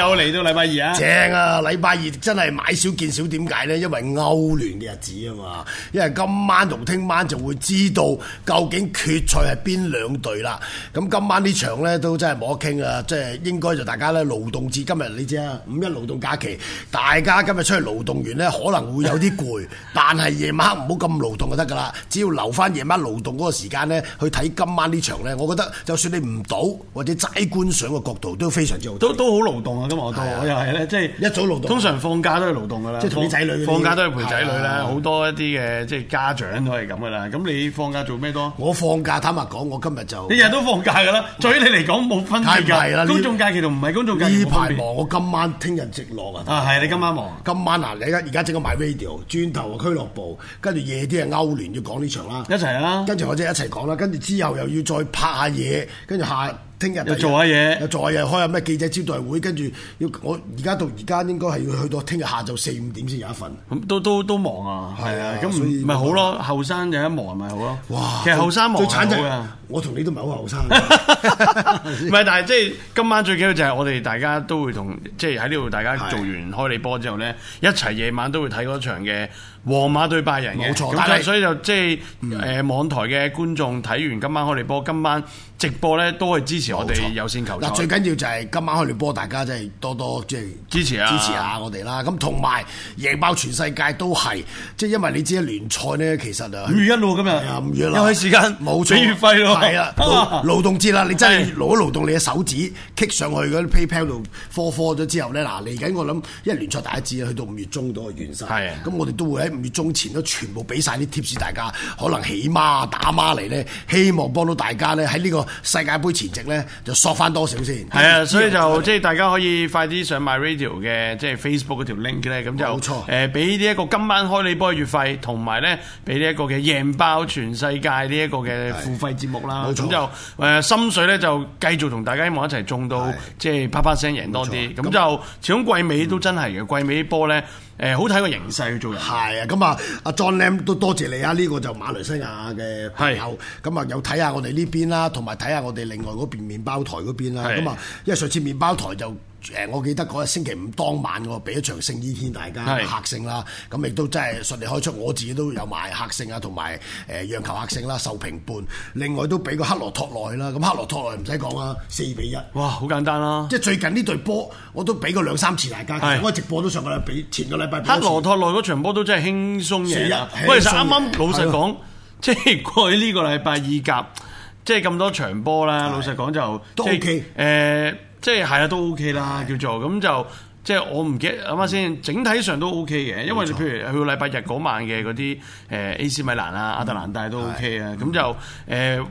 又嚟到禮拜二啊！正啊！禮拜二真係買少見少，點解呢？因為歐聯嘅日子啊嘛。因為今晚同聽晚就會知道究竟決賽係邊兩隊啦。咁今晚呢場呢，都真係冇得傾啊！即係應該就大家咧勞動至今日你知啊，五一勞動假期，大家今日出去勞動完呢可能會有啲攰， 但係夜晚黑唔好咁勞動就得㗎啦。只要留返夜晚勞動嗰個時間咧，去睇今晚呢場呢，我覺得就算你唔賭或者齋觀賞嘅角度都非常之、OK、好。都都好勞動啊！我又係咧，即係一早勞動。通常放假都係勞動噶啦，即係同啲仔女，放假都係陪仔女啦。好多一啲嘅即係家長都係咁噶啦。咁你放假做咩多？我放假坦白講，我今日就你日日都放假噶啦。對於你嚟講冇分界。太忙啦！公眾假期仲唔係公眾假期？呢排忙，我今晚聽日直落啊！啊，係你今晚忙？今晚嗱，你而家而家整好埋 radio，轉頭個俱樂部，跟住夜啲係歐聯要講呢場啦，一齊啦，跟住我即係一齊講啦，跟住之後又要再拍下嘢，跟住下。聽日又做下嘢，又做下嘢，開下咩記者招待會，跟住要我而家到而家應該係要去到聽日下晝四五點先有一份。咁都都都忙啊！係啊，咁唔咪好咯，後生有一忙咪好咯。哇！其實後生忙最慘就係我同你都唔係好後生。唔係，但係即係今晚最緊要就係我哋大家都會同即係喺呢度大家做完開你波之後咧，一齊夜晚都會睇嗰場嘅皇馬對拜仁嘅。冇錯，咁所以就即係誒網台嘅觀眾睇完今晚開你波，今晚直播咧都係支持。我哋優先球。嗱，最緊要就係今晚開你波，大家真係多多即係支持啊！支持下我哋啦。咁同埋贏爆全世界都係，即係因為你知聯賽咧，其實啊，五月一路咁樣，五月一路。有啲時間冇錢月費咯，係啊錯！勞動節啦， 你真係攞勞動你嘅手指，扱上去嗰啲 PayPal 度，科科咗之後咧，嗱，嚟緊我諗，因為聯賽第一次去到五月中都係完晒。係的。咁我哋都會喺五月中前都全部俾晒啲貼士，大家可能起碼打孖嚟咧，希望幫到大家咧喺呢個世界盃前夕咧。就縮翻多少先？係啊，所以就即係大家可以快啲上埋 MyRadio 嘅，即係 Facebook 嗰條 link 咧，咁就冇錯，誒俾呢一個今晚開你波嘅月費，同埋咧俾呢一個嘅贏爆全世界呢一個嘅付費節目啦。咁就誒心水咧，就繼續同大家希望一齊中到，即係的啪啪聲贏多啲。咁錯就今始終季尾都真係嘅，季尾啲波咧。誒、嗯、好睇個形勢去做嘢。係啊，咁啊，阿 John Lam 都多謝你啊！呢、呢個就馬來西亞嘅朋友，咁啊的有睇下我哋呢邊啦，同埋睇下我哋另外嗰邊麪包台嗰邊啦。咁啊的，因為上次麪包台就。誒，我記得嗰日星期五當晚喎，俾一場聖衣天，大家是客勝啦，咁亦都真係順利開出。我自己都有買客勝啊，同埋誒讓球客勝啦，受平半。另外都俾個克羅托內啦，咁克羅托內唔使講啦，四比一。哇，好簡單啦，啊！即係最近呢隊波，我都俾過兩三次大家，我是直播都上過俾前個禮拜。克羅托內嗰場波都真係輕鬆嘅。四一，其實啱啱老實講，即係過咗呢個禮拜二甲，即係咁多場波啦。的老實講就，即係誒。即係係啊，都 OK 啦，的叫做咁就。即係我唔記得諗下先，整體上都 O K 嘅，因為譬如去禮拜日嗰晚嘅嗰啲誒 A C 米蘭啊、阿特蘭大都 O K 啊，咁就誒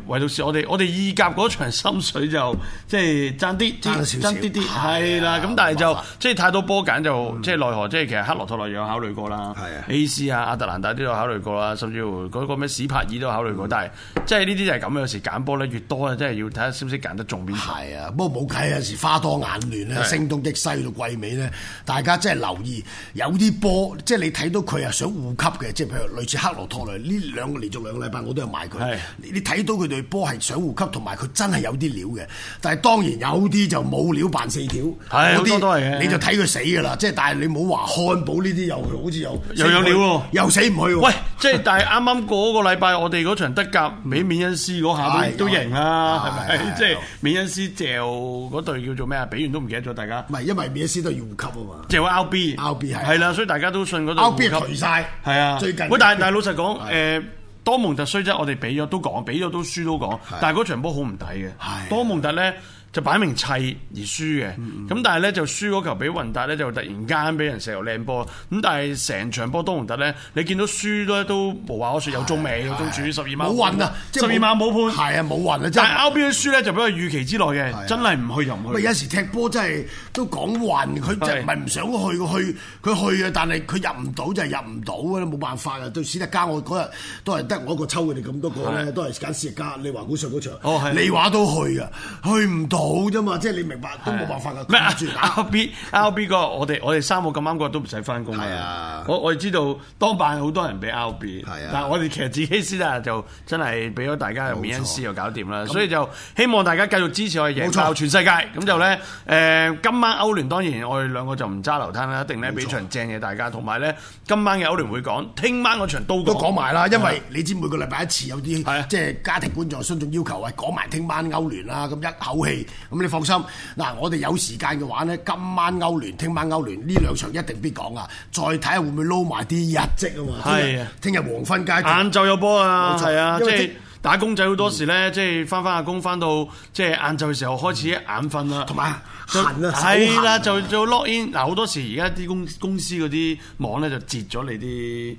唯獨係，我哋我哋意甲嗰場心水就即係爭啲爭少啲啲係啦，咁但係就即係太多波揀就即係奈何，即係其實克羅托內有考慮過啦，A C 啊、阿特蘭大都有考慮過啦，甚至乎嗰個咩史柏爾都考慮過，但係即係呢啲就係咁，有時揀波咧越多啊，即係要睇下識唔識揀得重邊。係啊，不過冇計有時花多眼亂啊，聲東擊西到鬼尾。大家真係留意有啲波，即係你睇到佢係想護級嘅，即係譬如類似克洛托雷，呢兩個連續兩個禮拜我都係買佢。你睇到佢哋波係想護級，同埋佢真係有啲料嘅。但係當然有啲就冇料扮四條，有啲你就睇佢死㗎啦。即係但係你唔好話漢堡呢啲又好似又，又有料喎，又死唔去喎。喂，即係但係啱啱嗰個禮拜我哋嗰場德甲，美美恩斯嗰下都都贏啦，係咪？即係美恩斯掉嗰隊叫做咩啊？比完都唔記得咗，大家。唔係，因為免恩斯對完。要吸啊嘛，即係會 r B r B 係、啊，係啦，所以大家都信嗰度 r B 係頹晒，係啊，最近。喂，但係但係老實講，誒、啊呃，多蒙特雖則，我哋俾咗都講，俾咗都輸都講，但係嗰場波好唔抵嘅，啊、多蒙特咧。就擺明砌而輸嘅，咁但係咧就輸嗰球俾雲達咧就突然間俾人射入靚波，咁但係成場波都唔得咧。你見到輸咧都無話可説，有中有中主十二碼冇運啊！十二碼冇判，係啊冇運啊！真係 RB 嘅輸咧就俾佢預期之內嘅，真係唔去就唔去。有時踢波真係都講運，佢即係唔係唔想去去，佢去啊，但係佢入唔到就係入唔到噶，冇辦法啊。對史特加，我嗰日都係得我一個抽佢哋咁多個咧都係揀史特加。你利華古遜嗰場，你話都去啊，去唔到。好啫嘛，即係你明白都冇辦法嘅。咩住、啊、R B R B 哥，我哋我哋三個咁啱嗰日都唔使翻工。係啊，我我哋知道當辦好多人都俾 R B。係啊，但係我哋其實自己先啦，就真係俾咗大家免恩師又搞掂啦。錯所以就希望大家繼續支持我哋，贏爆全世界。咁錯就咧，誒、呃、今晚歐聯當然我哋兩個就唔揸流灘啦，一定咧俾場正嘅大家。同埋咧今晚嘅歐聯會講，聽晚嗰場都講埋啦。因為你知每個禮拜一次有啲即係家庭觀眾順眾要求係講埋聽晚歐聯啦，咁一口氣。咁你放心，嗱我哋有時間嘅話咧，今晚歐聯、聽晚歐聯呢兩場一定必講看看會會啊！再睇下會唔會撈埋啲日績啊嘛！係啊，聽日黃昏街，晏晝有波啊！係錯啊，因為 即係打工仔好多時咧，嗯、即係翻翻下工，翻到即係晏晝嘅時候開始一眼瞓啦，同埋、嗯、就行啊，係啦，就就 lock in 嗱好多時而家啲公公司嗰啲網咧就截咗你啲。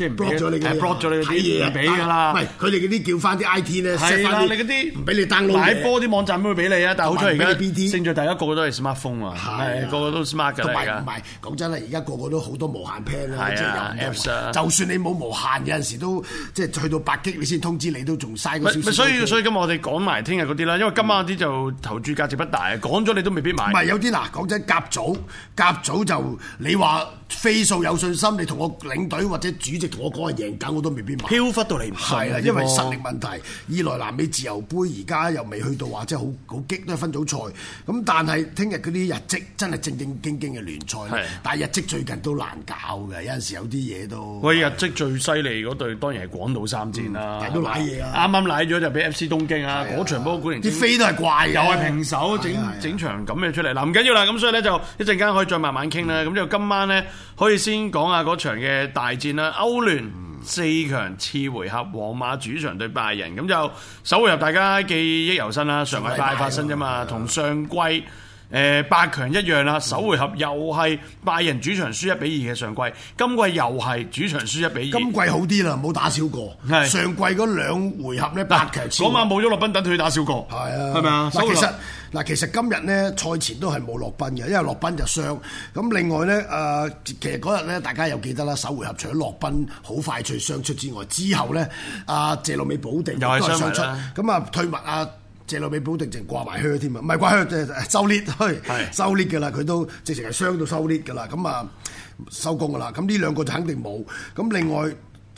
即係 block 咗你嘅，咗你睇嘢啊！俾㗎啦，唔係佢哋嗰啲叫翻啲 I T 咧，係啦，你嗰啲唔俾你 download。買波啲網站都會俾你啊，但係好彩而家 B T，勝在大家個個都係 smart phone 啊，係個個都 smart 噶啦。同埋講真啦，而家個個都好多無限 plan 啦，即係有 Apps 啊。就算你冇無限，有陣時都即係去到百 G，你先通知你都仲嘥個少少。所以所以今日我哋講埋聽日嗰啲啦，因為今晚啲就投注價值不大，講咗你都未必買。唔係有啲嗱，講真，甲組甲組就你話飛數有信心，你同我領隊或者主席。我講係贏緊，我都未必買。飄忽到你唔係啦，因為實力問題。二來南美自由杯而家又未去到話，即係好好激都係分組賽。咁但係聽日嗰啲日職真係正正經經嘅聯賽。但係日職最近都難搞嘅，有陣時有啲嘢都。喂，日職最犀利嗰隊當然係廣島三箭啦。都瀨嘢啊！啱啱瀨咗就俾 FC 東京啊！嗰場波果然啲飛都係怪。又係平手，整整場咁嘅出嚟。嗱，唔緊要啦。咁所以咧就一陣間可以再慢慢傾啦。咁就今晚咧可以先講下嗰場嘅大戰啦。歐聯四強次回合，皇馬主場對拜仁，咁就首回合大家記憶猶新啦。上禮拜發生啫嘛，同上季誒、呃、八強一樣啦。首回合又係拜仁主場輸一比二嘅，上季，今季又係主場輸一比二。今季好啲啦，冇打少過。係，上季嗰兩回合呢，八強，嗰晚冇咗洛賓，等佢打少過。係啊，係咪啊？其實。嗱、呃，其實今日咧賽前都係冇落賓嘅，因為落賓就傷。咁另外咧，誒，其實嗰日咧大家又記得啦，首回合除咗落賓好快脆傷出之外，之後咧，阿、啊、謝魯美保定又係傷出，咁啊退物阿謝魯美保定淨掛埋靴添啊，唔係掛靴，誒收裂，去，去啊、收裂㗎啦，佢是的 都直情係傷到收裂㗎啦，咁啊收工㗎啦，咁呢兩個就肯定冇。咁另外。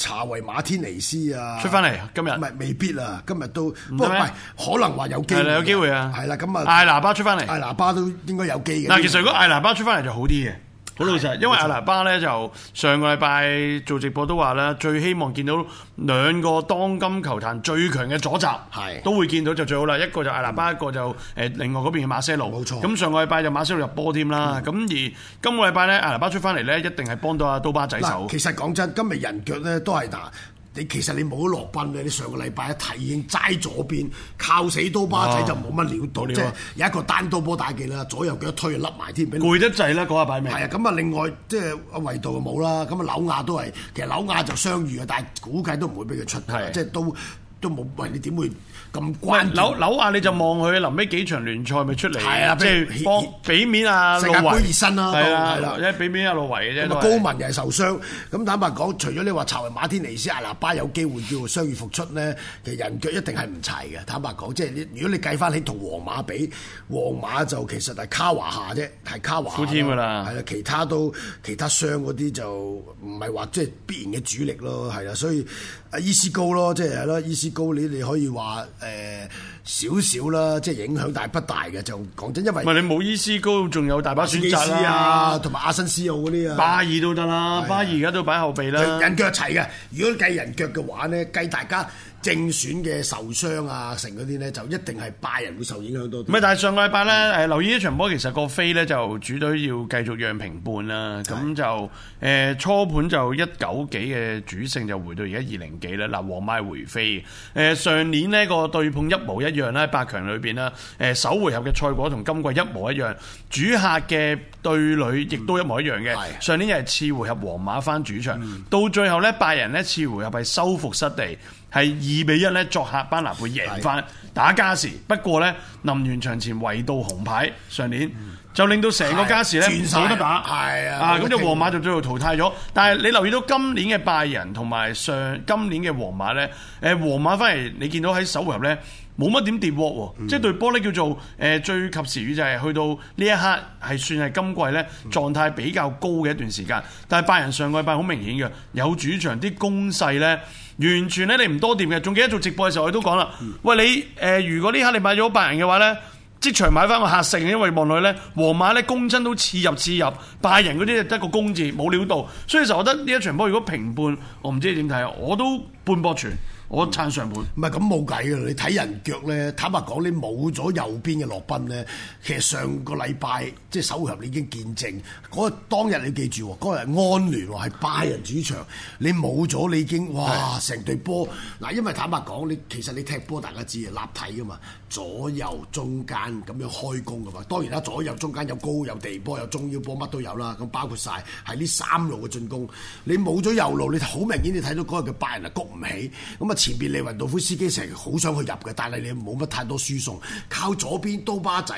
查維馬天尼斯啊，出翻嚟今日，唔係未必啊，今日都，不過唔係，可能話有機，係啦，有機會啊，係啦，咁啊，艾拿巴出翻嚟，艾拿巴都應該有機嘅。嗱，其實如果艾拿巴出翻嚟就好啲嘅。好老實，的因為阿拉巴咧就、嗯、上個禮拜做直播都話啦，最希望見到兩個當今球壇最強嘅左閘，係的都會見到就最好啦。一個就阿拉巴，嗯、一個就誒，另外嗰邊嘅馬西路。冇錯。咁上個禮拜就馬西路入波添啦。咁、嗯、而今個禮拜咧，嗯、阿拉巴出翻嚟咧，一定係幫到阿刀疤仔手。其實講真，今日人腳咧都係打。你其實你冇得落賓嘅，你上個禮拜一提已經齋左邊靠死刀疤仔就冇乜料到，啊、即係有一個單刀波打機啦，左右腳推甩埋添，俾你攰得滯啦，講下擺明係啊，咁啊，另外即係阿維杜就冇啦，咁啊，紐亞都係，其實紐亞就相遇嘅，但係估計都唔會俾佢出嘅，即係都。都冇，餵你點會咁關注扭扭下？你就望佢臨尾幾場聯賽咪出嚟？係啊，譬如幫俾面阿魯維，世界盃熱身啦。係啊，係啦、喔，一俾面阿魯維嘅啫。咁啊，高民又係受傷。咁、嗯、坦白講，除咗你話查維馬天尼斯、阿納巴有機會叫傷愈復出咧，其實人腳一定係唔齊嘅。坦白講，即係如果你計翻起同皇馬比，皇馬就其實係卡華夏啫，係卡華。添㗎啦。係啦、啊，其他都其他傷嗰啲就唔係話即係必然嘅主力咯，係啦、啊，所以。所以啊！伊斯高咯，即係係咯，伊斯高，你哋可以話誒。呃少少啦，即係影響大不大嘅？就講真，因為唔係你冇伊斯高，仲有大把選擇啦，同埋阿新斯奧嗰啲啊，巴爾都得啦，巴爾而家都擺後備啦。人腳齊嘅，如果計人腳嘅話呢，計大家正選嘅受傷啊、成嗰啲呢，就一定係拜仁會受影響多啲。唔係，但係上個禮拜呢，誒留意呢場波，其實個飛呢，就主隊要繼續讓平半啦，咁就誒初盤就一九幾嘅主勝就回到而家二零幾啦。嗱，皇馬回飛誒上年呢個對碰一模一。一樣咧，八強裏邊咧，誒、呃，首回合嘅賽果同今季一模一樣，主客嘅對壘亦都一模一樣嘅。嗯啊、上年又係次回合皇馬翻主場，嗯、到最後咧拜仁呢次回合係收復失地，係二比一咧作客班拿貝贏翻打加時。不過呢，臨完場前違到紅牌，上年、嗯、就令到成個加時咧冇得打係啊。咁就皇馬就最後淘汰咗。但係、嗯、你留意到今年嘅拜仁同埋上今年嘅皇馬呢，誒、呃呃，皇馬返嚟，你見到喺首回合呢。呃冇乜點跌。喎、啊，嗯、即係對波呢叫做，誒、呃、最及時雨就係去到呢一刻係算係今季咧狀態比較高嘅一段時間，但係拜仁上個禮拜好明顯嘅，有主場啲攻勢呢，完全呢你唔多掂嘅。仲記得做直播嘅時候我都講啦，喂你誒、呃、如果呢刻你買咗拜仁嘅話呢，即場買翻個客勝，因為望落去呢，皇馬呢，攻親都刺入刺入，拜仁嗰啲得個攻字冇料到，所以就覺得呢一場波如果平半，我唔知你點睇啊，我都半波全。我撐上門、嗯。唔係咁冇計嘅，你睇人腳咧。坦白講，你冇咗右邊嘅洛賓咧，其實上個禮拜即係首回合你已經見證嗰日當日你記住，嗰日安聯係拜仁主場，你冇咗你已經哇成隊波嗱，因為坦白講，你其實你踢波大家知立體嘅嘛，左右中間咁樣開攻嘅嘛。當然啦，左右中間有高有地波，有中腰波乜都有啦。咁包括晒，喺呢三路嘅進攻，你冇咗右路，你好明顯你睇到嗰日嘅拜仁啊，谷唔起咁啊！前邊李雲道夫司機成日好想去入嘅，但係你冇乜太多輸送，靠左邊刀疤仔。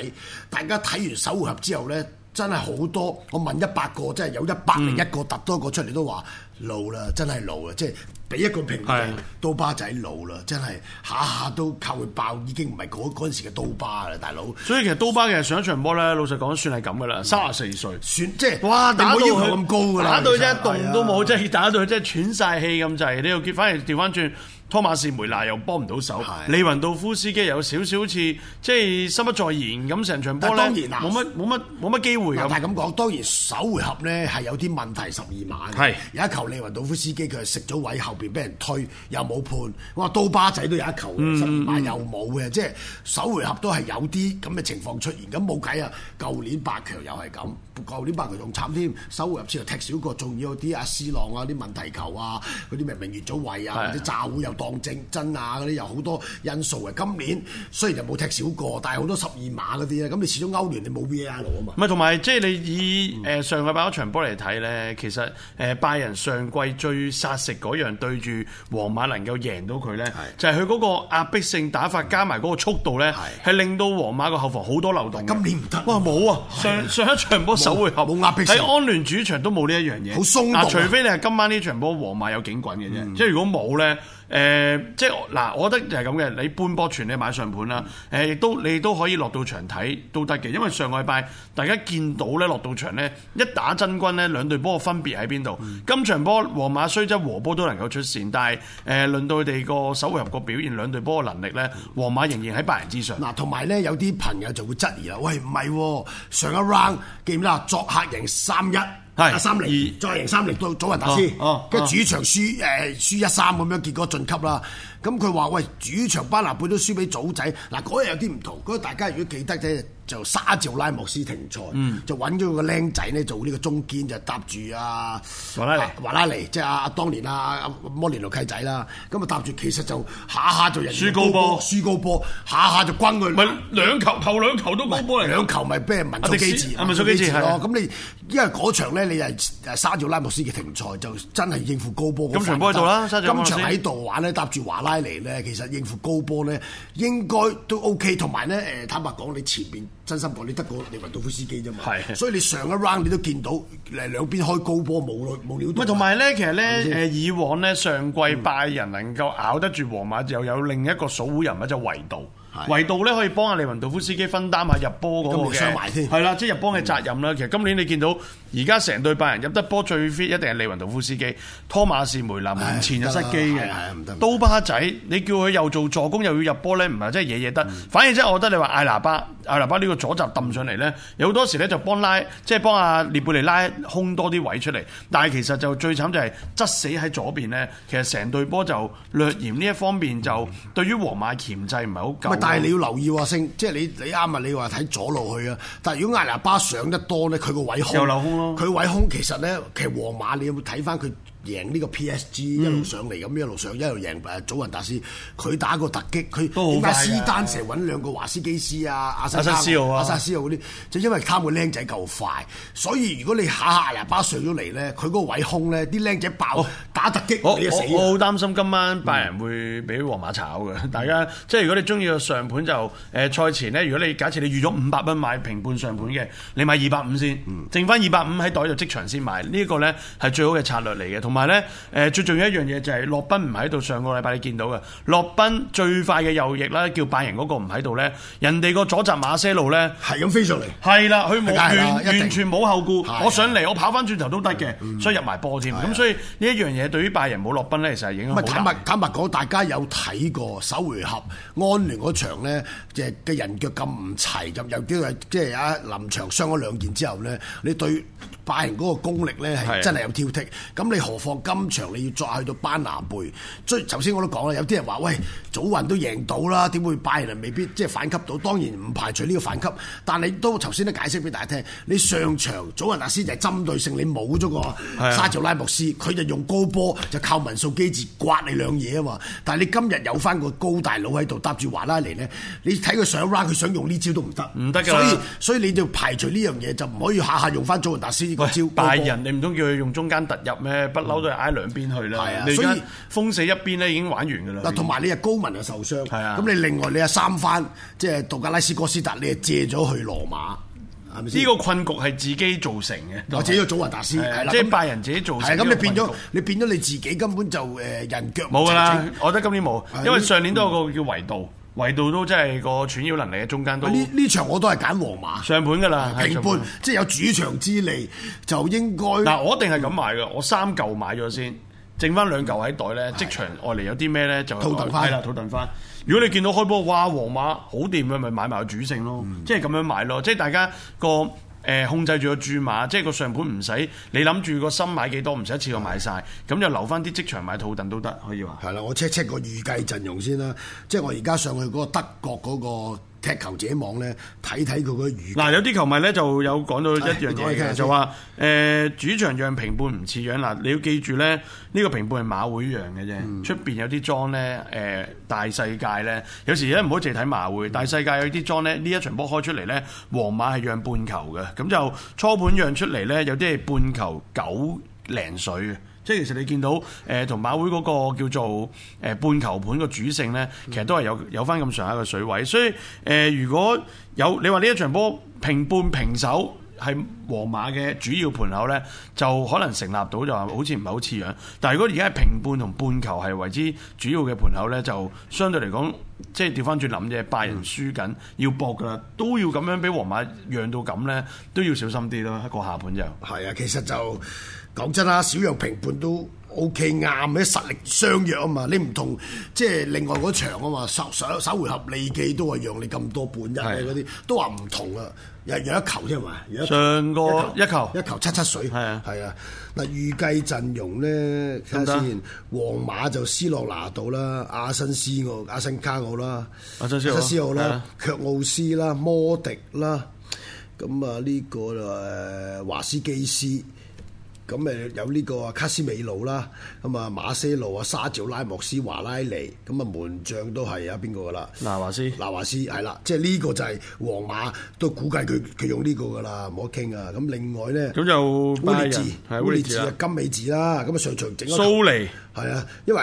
大家睇完首回合之後咧，真係好多。我問一百個，即係嗯、真係有一百零一個揼多個出嚟都話老啦，真係老啦。即係俾一個評價，刀疤仔老啦，真係下下都靠佢爆，已經唔係嗰嗰陣時嘅刀疤啦，大佬。所以其實刀疤其實上一場波咧，老實講算係咁嘅啦，三十四歲，算即係哇打到佢咁高㗎啦，打到，打到一動都冇，即係是、啊、打到佢真係喘晒氣咁滯。你要反而調翻轉。托馬士梅拿又幫唔到手，是的 利雲道夫斯基有少少似即係心不在焉咁，成場波咧冇乜冇乜冇乜機會咁。但係咁講，當然首回合呢係有啲問題十二碼。係是的 有一球利雲道夫斯基佢食咗位後邊俾人推又冇判，哇刀疤仔都有一球十二碼又冇嘅，嗯嗯即係首回合都係有啲咁嘅情況出現。咁冇計啊，舊年八強又係咁，舊年八強仲慘添，首回合先又踢少個，仲要有啲阿斯朗啊啲問題球啊，嗰啲明明越咗位啊，啲詐糊又防正真啊嗰啲有好多因素啊。今年雖然就冇踢少過，但係好多十二碼嗰啲啊。咁你始終歐聯你冇 VR 啊嘛。唔係同埋即係你以誒上禮拜嗰場波嚟睇咧，其實誒拜仁上季最殺食嗰樣對住皇馬能夠贏到佢咧，就係佢嗰個壓迫性打法加埋嗰個速度咧，係令到皇馬個後防好多漏洞。今年唔得。哇冇啊！上上一場波首回合冇壓迫性喺安聯主場都冇呢一樣嘢，好鬆。嗱，除非你係今晚呢場波皇馬有警棍嘅啫，即係如果冇咧。誒、呃，即係嗱、呃，我覺得就係咁嘅，你搬波傳你買上盤啦。誒、呃，亦都你都可以落到場睇都得嘅，因為上個禮拜大家見到咧，落到場咧一打真軍咧，兩隊波分別喺邊度？今場波皇馬雖則和波都能夠出線，但係誒、呃，輪到佢哋個首回合個表現，兩隊波嘅能力咧，皇馬仍然喺八人之上。嗱，同埋咧，有啲朋友就會質疑啦，喂，唔係喎，上一 round 記唔記得作客贏三一？係三零，再贏三零到祖雲達斯，跟住、哦哦、主場輸誒、呃、輸一三咁樣，結果晉級啦。咁佢話喂，主場班納貝都輸俾祖仔，嗱，嗰日有啲唔同，嗰個大家如果記得啫。就沙照拉莫斯停賽，就揾咗個僆仔咧做呢個中堅，就搭住阿華拉尼，華拉尼即係阿阿當年啊，阿摩連奴契仔啦。咁啊搭住，其實就下下就人輸高波，輸高波，下下就轟佢。咪兩球頭兩球都波波兩球咪畀人問咗機智，問咗機智咯。咁你因為嗰場咧，你係沙照拉莫斯嘅停賽，就真係應付高波。咁場波喺度啦，今場喺度玩咧，搭住華拉尼咧，其實應付高波咧，應該都 OK，同埋咧，誒坦白講，你前邊。真心講，你得個利文道夫斯基啫嘛，是的 所以你上一 round 你都見到誒兩邊開高波冇冇料到。同埋咧，其實咧誒、嗯、以往咧上季拜仁能夠咬得住皇馬，就有另一個守護人物就維道。維道咧可以幫阿利文道夫斯基分擔下入波嗰、那個嘅，係啦，即係、就是、入波嘅責任啦。嗯、其實今年你見到。而家成隊拜仁入得波最 fit 一定係利雲杜夫斯基，托馬士梅林、哎、呀前就失機嘅。哎、刀疤仔，你叫佢又做助攻又要入波咧，唔係即係嘢嘢得。嗯、反而即係我覺得你話艾拿巴，艾拿巴呢個左閘揼上嚟咧，嗯、有好多時咧就幫拉，即、就、係、是、幫阿列貝利拉空多啲位出嚟。但係其實就最慘就係、是、執死喺左邊咧，其實成隊波就略嫌呢一方面就對於皇馬鉗制唔係好夠。嗯、但係你要留意啊，星，即、就、係、是、你你啱啊，你話睇左路去啊。但係如果艾拿巴上得多咧，佢個位空又留空佢位空，其實咧，其實皇馬你有冇睇翻佢？贏呢個 P.S.G. 一路上嚟咁一路上，一路，上一路贏祖雲達斯，佢打個突擊，佢點解斯丹成日揾兩個華斯基斯啊阿沙斯、阿沙、啊、斯嗰啲？就因為卡個靚仔夠快，所以如果你下下呀巴上咗嚟咧，佢嗰個位空咧，啲靚仔爆打突擊，你我死我！我好擔心今晚拜仁會俾皇馬炒嘅，大家即係如果你中意個上盤就誒、呃、賽前咧，如果你假設你預咗五百蚊買平半上盤嘅，你買二百五先，剩翻二百五喺袋度即場先買，呢個咧係最好嘅策略嚟嘅，同。同埋咧，誒，最重要一樣嘢就係洛賓唔喺度。上個禮拜你見到嘅洛賓最快嘅右翼啦，叫拜仁嗰個唔喺度咧，人哋個左閘馬些路咧，係咁飛上嚟，係啦，佢完然勇完全冇後顧，的我上嚟我跑翻轉頭都得嘅，的所以入埋波添。咁的所以呢一樣嘢對於拜仁冇洛賓咧，其實係影響。唔係，坦白坦白講，大家有睇過首回合安聯嗰場咧，即係嘅人腳咁唔齊入又叫係即係啊臨場傷咗兩件之後咧，你對？拜仁嗰個功力咧，係真係有挑剔。咁你是的 何況今場你要再去到班拿貝？所以頭先我都講啦，有啲人話，喂，祖雲都贏到啦，點會拜仁未必即係反級擊到？當然唔排除呢個反擊，但你都頭先都解釋俾大家聽，你上場祖雲達斯就係針對性，你冇咗個沙祖拉莫斯，佢是的 就用高波就靠文素基治刮你兩嘢啊嘛。但係你今日有翻個高大佬喺度搭住華拉尼咧，你睇佢想拉佢想用呢招都唔得，唔得㗎。所以所以你就排除呢樣嘢，就唔可以下下用翻祖雲達斯。個招拜仁，你唔通叫佢用中間突入咩？不嬲都係挨兩邊去啦。啊、所以你而家封死一邊咧，已經玩完噶啦。嗱，同埋你阿高文又受傷。係啊。咁你另外你阿三番，即係道格拉斯哥斯達，你又借咗去羅馬。呢、嗯、個困局係自己造成嘅，或者一個祖雲達斯，即係、啊啊、拜仁自己造成。咁、啊、你變咗，你變咗你自己根本就誒、呃、人腳冇。冇噶啦，我覺得今年冇，因為上年都有個叫維度。位到都真係個傳銷能力嘅中間都。呢呢場我都係揀皇馬。上盤㗎啦，平盤般即係有主場之利就應該。嗱、啊，我一定係咁買嘅，我三嚿買咗先，剩翻兩嚿喺袋咧。嗯、即場外嚟有啲咩咧就。套盾翻。係啦，套盾翻。嗯、如果你見到開波哇，皇馬好掂嘅，咪買埋個主勝咯，即係咁樣買咯，即係大家個。控制住個注碼，即係個上盤唔使你諗住個心買幾多，唔使一次過買晒。咁的就留翻啲職場買套凳都得，可以話。係啦，我 check check 個預計陣容先啦，即係我而家上去嗰個德國嗰個。踢球者網咧睇睇佢個預，嗱有啲球迷咧就有講到一樣嘢嘅，就話誒、呃、主場讓平半唔似樣嗱、嗯、你要記住咧呢、呢個平半係馬會讓嘅啫，出邊有啲莊咧誒、呃、大世界咧有時咧唔好淨係睇馬會、嗯、大世界有啲莊咧呢一場波開出嚟咧皇馬係讓半球嘅，咁就初盤讓出嚟咧有啲係半球九零水嘅。即係其實你見到，誒，同馬會嗰個叫做，誒，半球盤個主勝呢，其實都係有有翻咁上下嘅水位，所以，誒、呃，如果有你話呢一場波平半平手係皇馬嘅主要盤口呢，就可能成立到就，好似唔係好似樣。但係如果而家係平半同半球係為之主要嘅盤口呢，就相對嚟講，即係調翻轉諗嘅，拜仁輸緊要搏噶啦，都要咁樣俾皇馬讓到咁呢，都要小心啲咯。一個下盤就係啊，其實就。講真啦，小陽評判都 O K 啱嘅實力相若啊嘛，你唔同即係、就是、另外嗰場啊嘛，首首回合利記都話讓你咁多半日，嗰啲的，的都話唔同啊！又有一球添啊！上個一球一球，一球七七水係啊係啊，嗱預是的 計陣容咧，睇下先，皇馬就斯洛拿度啦、阿森斯奧阿森卡奧啦、阿森斯卡奧啦、卻奧斯啦、摩迪啦，咁、這個嗯這個、啊呢個誒華斯基斯。咁誒有呢個卡斯美路啦，咁啊馬些路啊沙照拉莫斯華拉尼，咁啊門將都係啊邊個噶啦？拿華斯，拿華斯係啦，即係呢個就係皇馬都估計佢佢用呢個噶啦，冇得傾啊！咁另外咧，咁就烏利治，係烏利治啊，金美治啦，咁啊上場整蘇尼係啊，因為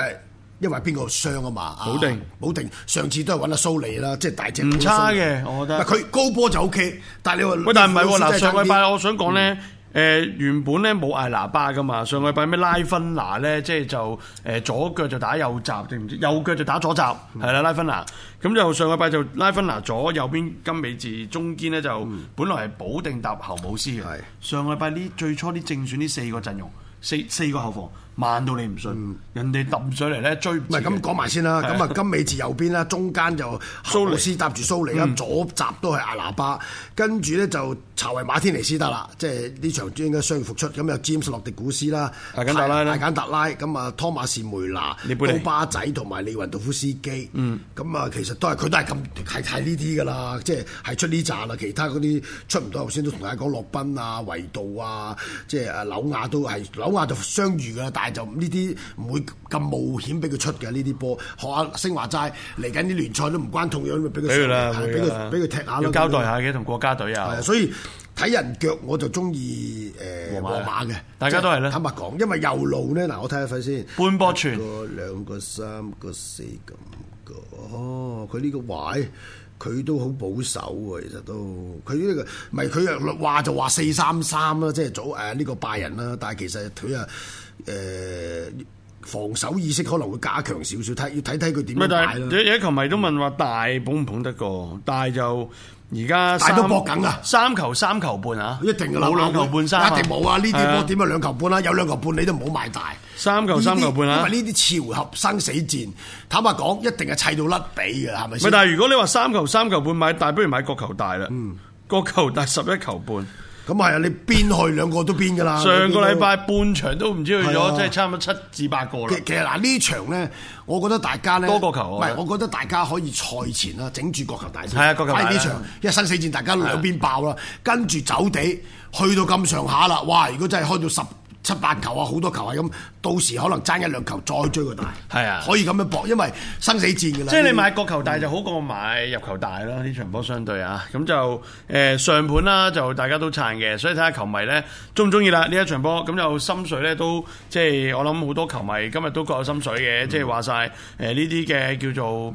因為邊個傷啊嘛？保定保定，上次都係揾阿蘇尼啦，即係大隻。唔差嘅，我覺得。佢高波就 O K，但係你話喂，但係唔係喎？嗱，上禮拜我想講咧。誒、呃、原本咧冇艾喇叭噶嘛，上個禮拜咩拉芬拿咧，即係就誒、呃、左腳就打右閘定唔知右腳就打左閘，係啦、嗯、拉芬拿，咁就上個禮拜就拉芬拿左右，右邊金美治中堅咧就，本來係保定搭侯姆斯。嘅的，上個禮拜呢，最初啲正選呢四個陣容，四四個後防。慢到你唔信，嗯、人哋揼上嚟咧追唔係咁講埋先啦，咁啊的金美治右邊啦，中間就蘇黎斯搭住蘇尼啦，嗯、左閘都係阿拿巴，跟住咧就查維馬天尼斯得啦，即係呢場應該傷癒復出，咁又詹士洛迪古斯啦，大坎大坎特拉，咁啊湯馬士梅拿高巴仔同埋李雲道夫斯基，咁啊、嗯、其實都係佢都係咁係睇呢啲㗎啦，即係係出呢扎啦，其他嗰啲出唔到。頭先都同大家講洛賓啊、維道啊，即係啊紐亞都係紐亞就相遇㗎啦，大就呢啲唔會咁冒險俾佢出嘅呢啲波，學下昇華齋嚟緊啲聯賽都唔關痛癢，咪俾佢啦，俾佢俾佢踢下交代下嘅同國家隊啊。係啊，所以睇人腳我就中意誒皇馬嘅，馬大家都係啦。坦白講，因為右路呢，嗱我睇下先看看。半波傳。一個兩個三個四咁五個。哦，佢呢個壞佢都好保守喎，其實都佢呢個咪佢啊話就話四三三啦，即係早誒呢個拜仁啦，但係其實佢啊。誒、呃，防守意識可能會加強少少，睇要睇睇佢點買咯。但係，有有球迷都問話大捧唔捧得過？大就而家大都搏緊㗎。三球三球半啊！一定嘅啦，冇兩球半三一定冇啊！呢啲波點樣兩球半啦、啊，的有兩球半你都唔好買大。三球三球半啊！因為呢啲潮合生死戰，坦白講，一定係砌到甩髀嘅，係咪先？但係如果你話三球三球半買大，不如買角球大啦。嗯，角球大十一球半。咁係啊！你邊去兩個都邊噶啦。上個禮拜半場都唔知去咗，即係、啊、差唔多七至八個啦。其實嗱，場呢場咧，我覺得大家咧，多個球唔係，我覺得大家可以賽前啦，整住國球大戰。係啊，國球大戰呢場，一生死戰，大家兩邊爆啦，啊、跟住走地去到咁上下啦，哇！如果真係開到十，七八球啊，好多球啊，咁到時可能爭一兩球再追佢大，係啊，可以咁樣搏，因為生死戰噶啦。即係你買角球大就好過我買入球大啦，呢、嗯、場波相對啊，咁就誒上盤啦，就大家都撐嘅，所以睇下球迷咧中唔中意啦呢喜喜一場波，咁就心水咧都即係我諗好多球迷今日都各有心水嘅，嗯、即係話晒誒呢啲嘅叫做。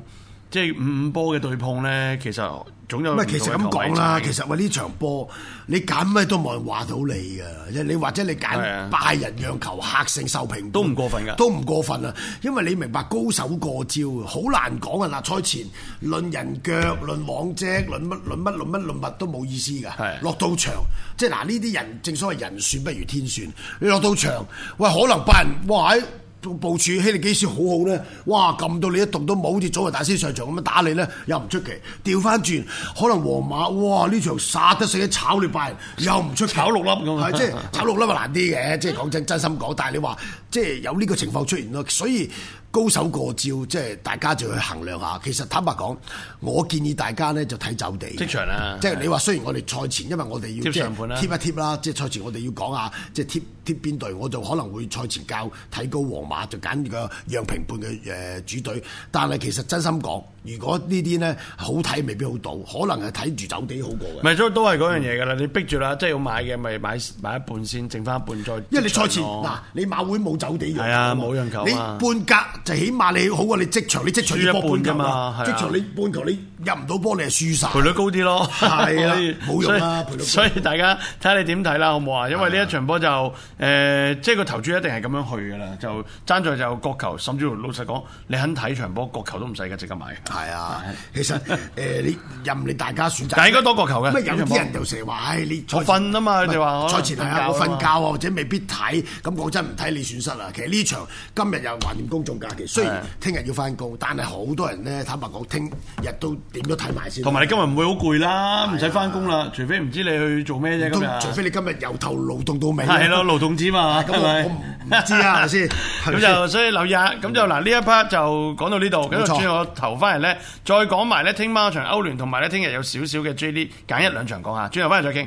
即係五五波嘅對碰咧，其實總有唔係，其實咁講啦，其實喂，呢場波你揀咩都冇人話到你噶，即係你或者你揀拜仁讓球客勝、受平都唔過分噶，都唔過分啊！因為你明白高手過招啊，好難講啊！嗱，賽前論人腳、論往績、論乜論乜論乜論物都冇意思噶，係落到場即係嗱呢啲人，正所謂人算不如天算，你落到場喂，可能拜仁哇喺。部部處希你幾時好好咧？哇！撳到你一動都冇，好似祖雲達斯上場咁樣打你咧，又唔出奇。調翻轉，可能皇馬哇呢場殺得死一炒你敗，又唔出奇炒。 炒六粒，係即係炒六粒咪難啲嘅，即係講真真心講。但係你話即係有呢個情況出現咯，所以。高手過招，即係大家就去衡量下。其實坦白講，我建議大家咧就睇走地。即場啦，即係你話雖然我哋賽前，因為我哋要貼一貼啦，即係賽前我哋要講下，即係貼貼,貼邊隊，我就可能會賽前教睇高皇馬，就揀個讓平半嘅誒、呃、主隊。但係其實真心講。如果呢啲咧好睇，未必好賭，可能係睇住走地好過嘅。咪所以都係嗰樣嘢㗎啦，嗯、你逼住啦，即係要買嘅咪買買一半先，剩翻一半再。因為你賽前嗱我，你馬會冇走地，嘅、啊，係麼啊冇人球你半格，就起碼你好過你即場，你即場要搏半球㗎嘛，即場是、啊、你半球你。入唔到波你係輸晒，賠率高啲咯，係啊，冇用啦，所以大家睇下你點睇啦，好冇啊？因為呢一場波就誒，即係個投注一定係咁樣去㗎啦，就爭在就國球，甚至老實講，你肯睇場波國球都唔使㗎，值得買。係啊，其實誒你任你大家選擇，但係應該多國球嘅。有啲人就成日話誒你，我瞓啊嘛，佢哋話，賽前係啊，我瞓覺喎，或者未必睇，咁講真唔睇你損失啊。其實呢場今日又懷念公眾假期，雖然聽日要翻工，但係好多人咧坦白講，聽日都。點都睇埋先，同埋你今日唔會好攰啦，唔使翻工啦，除非唔知你去做咩啫今日，除非你今日由頭勞動到尾，係咯，勞動節嘛，咁咪知啊，係咪先？咁就所以留意下，咁就嗱呢一 part 就講到呢度，咁轉我頭翻嚟咧，再講埋咧聽晚場歐聯同埋咧聽日有少少嘅 JD 揀一兩場講下，轉頭翻嚟再傾。